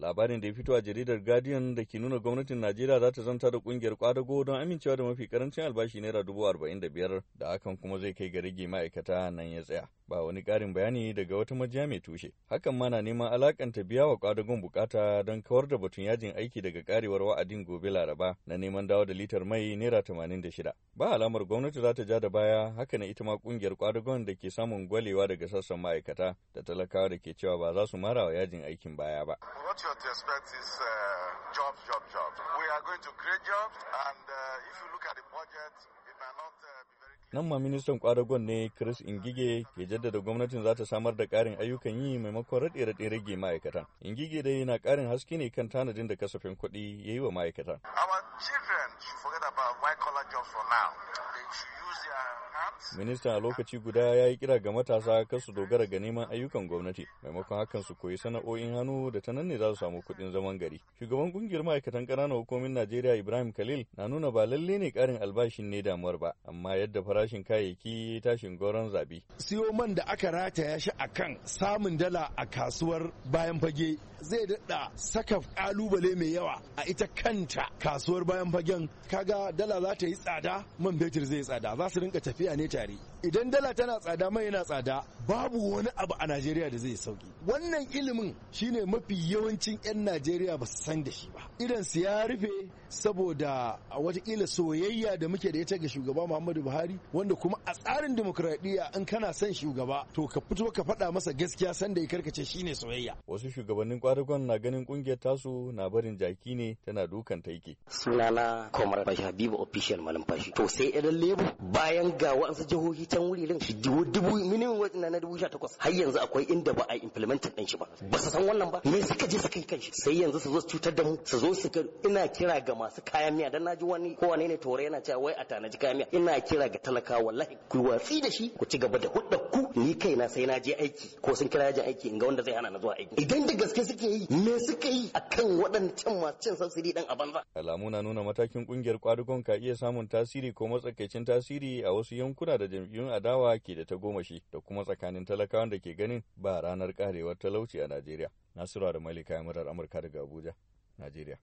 labarin da ya fito a jaridar guardian da ke nuna gwamnatin najeriya za ta zanta da kungiyar kwadago don amincewa da mafi karancin albashi naira dubu arba'in da biyar da hakan kuma zai kai ga rage ma'aikata nan ya tsaya ba wani ƙarin bayani daga wata majiya mai tushe. Hakan ma na neman alakanta biya wa kwadagon bukata don kawar da batun yajin aiki daga karewar wa'adin gobe Laraba na neman dawo da litar mai naira tamanin da shida. Ba alamar gwamnati za ta ja da baya haka na ita ma ƙungiyar kwadagon da ke samun gwalewa daga sassan ma'aikata da talakawa da ke cewa ba za su mara wa yajin aikin baya ba. jobs, jobs, Nan ma ministan kwadagon ne Chris Ingige ke jaddada gwamnatin za ta samar da karin ayyukan yi maimakon raɗe raɗe rage ma'aikatan. Ingige dai na karin haske ne kan tanadin da kasafin kuɗi ya yi wa ma'aikatan. Minista a lokaci guda ya yi kira ga matasa kar su dogara ga neman ayyukan gwamnati, maimakon hakan su koyi sana'o'in hannu da ta nan ne za su samu kuɗin zaman gari. Shugaban kungiyar ma'aikatan ƙananan hukumomin Najeriya Ibrahim Khalil na nuna ba lalle ne ƙarin albashin ne damuwar ba, amma yadda farashin kayayyaki ya tashin goron zabi. Siyo man da aka rataya shi a kan samun dala a kasuwar bayan fage zai daɗa saka ƙalubale mai yawa a ita kanta kasuwar bayan fagen kaga dala za ta yi tsada man betir zai tsada za su rinka tafiya ne tare idan dala tana tsada mai yana tsada babu wani abu a najeriya da zai sauki wannan ilimin shine mafi yawancin 'yan najeriya ba su san da shi ba idan su ya rufe saboda a watakila soyayya da muke da ita ga shugaba muhammadu buhari wanda kuma a tsarin dimokuraɗiyya in kana son shugaba to ka fito ka faɗa masa gaskiya sanda ya karkace shine soyayya wasu shugabannin kwadagon na ganin kungiyar tasu na barin jaki ne tana dukan taiki suna na Komar fashi Habibu official Fashi. To sai idan lebu bayan ga wa'ansu jihohi can wuririn shi dubu minimum wage na dubu sha takwas har yanzu akwai inda ba a implement din shi ba. Ba su san wannan ba me suka je suka yi kanshi sai yanzu su zo su cutar da mu su zo su ina kira ga masu kayan miya dan naji wani ko wane ne tore yana cewa wai a tanaji kayan miya ina kira ga talaka wallahi ku watsi da shi ku ci gaba da hudda ku ni kaina sai na je aiki ko sun kira yajin aiki in ga wanda zai hana na zuwa aiki idan da gaske suke yi me suka yi akan waɗancan masu cin sansiri dan a banza alamu na nuna matakin kungiyar kwadugon ka iya samun tasiri ko matsakaicin tasiri a wasu yankuna da jam'iyyun adawa ke da tagomashi da kuma tsakanin talakawan da ke ganin ba ranar karewar talauci a Najeriya. Nasiru da Malika murar Amurka daga Abuja, Najeriya.